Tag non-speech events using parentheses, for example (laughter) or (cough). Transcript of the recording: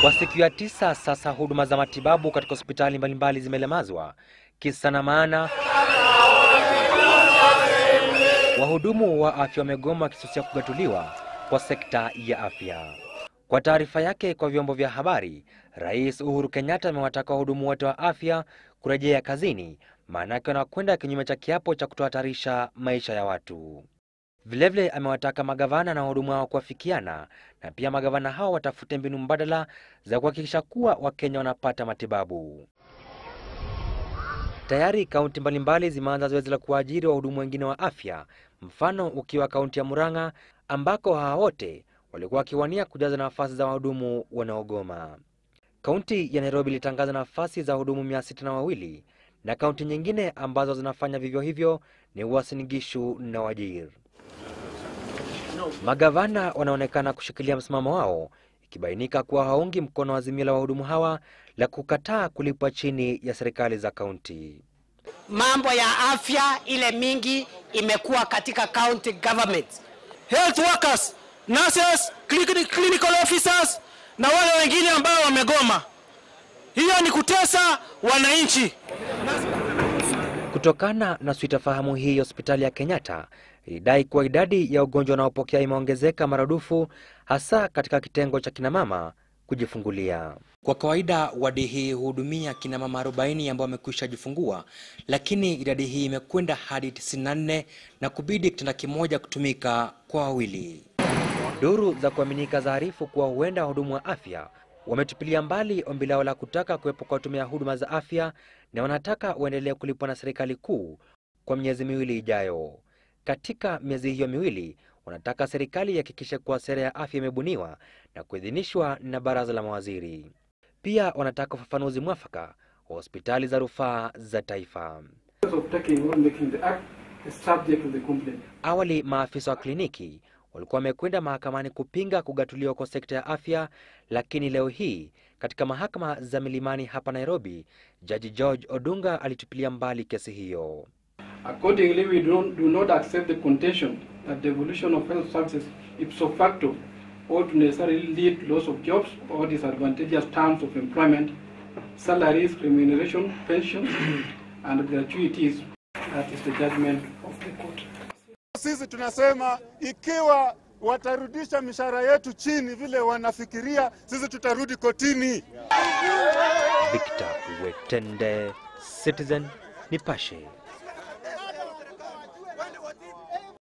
Kwa siku ya tisa sasa, huduma za matibabu katika hospitali mbalimbali zimelemazwa. Kisa na maana, wahudumu wa afya wamegoma wakisusia kugatuliwa kwa sekta ya afya. Kwa taarifa yake kwa vyombo vya habari, Rais Uhuru Kenyatta amewataka wahudumu wote wa afya kurejea kazini, maanake wanakwenda kinyume cha kiapo cha kutohatarisha maisha ya watu. Vilevile amewataka magavana na wahudumu hao kuafikiana na pia magavana hao watafute mbinu mbadala za kuhakikisha kuwa Wakenya wanapata matibabu. Tayari kaunti mbalimbali zimeanza zoezi la kuajiri wahudumu wengine wa afya, mfano ukiwa kaunti ya Murang'a ambako hawa wote walikuwa wakiwania kujaza nafasi za wahudumu wanaogoma. Kaunti ya Nairobi ilitangaza nafasi za wahudumu mia sita na wawili na kaunti nyingine ambazo zinafanya vivyo hivyo ni Uasin Gishu na Wajir. Magavana wanaonekana kushikilia msimamo wao, ikibainika kuwa hawaungi mkono azimio la wahudumu hawa la kukataa kulipwa chini ya serikali za kaunti. Mambo ya afya ile mingi imekuwa katika county government. Health workers, nurses, clinical officers na wale wengine ambao wamegoma. Hiyo ni kutesa wananchi. Kutokana na sitofahamu hii, hospitali ya Kenyatta ilidai kuwa idadi ya ugonjwa wanaopokea imeongezeka maradufu hasa katika kitengo cha kinamama kujifungulia. Kwa kawaida wadi hii huhudumia kina mama 40 ambao wamekwisha jifungua, lakini idadi hii imekwenda hadi 94 na kubidi kitanda kimoja kutumika kwa wawili. Duru za kuaminika zaarifu kuwa huenda wahudumu wa afya wametupilia mbali ombi lao la kutaka kuwepo kwa watumia huduma za afya na wanataka waendelee kulipwa na serikali kuu kwa miezi miwili ijayo. Katika miezi hiyo miwili, wanataka serikali ihakikishe kuwa sera ya afya imebuniwa na kuidhinishwa na baraza la mawaziri. Pia wanataka ufafanuzi mwafaka wa hospitali za rufaa za taifa. Awali maafisa wa kliniki walikuwa wamekwenda mahakamani kupinga kugatuliwa kwa sekta ya afya, lakini leo hii katika mahakama za Milimani hapa Nairobi, Jaji George Odunga alitupilia mbali kesi hiyo. Accordingly, we do, do not accept the contention that the evolution of health services ipso facto ought to necessarily lead to loss of jobs or disadvantageous terms of employment, salaries, remuneration, pensions, (coughs) and gratuities. That is the judgment of the court. Sisi tunasema ikiwa watarudisha mishahara yetu chini vile wanafikiria, sisi tutarudi kotini. Victor Wetende, Citizen Nipashe.